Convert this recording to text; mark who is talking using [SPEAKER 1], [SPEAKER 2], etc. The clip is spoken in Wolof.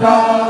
[SPEAKER 1] ta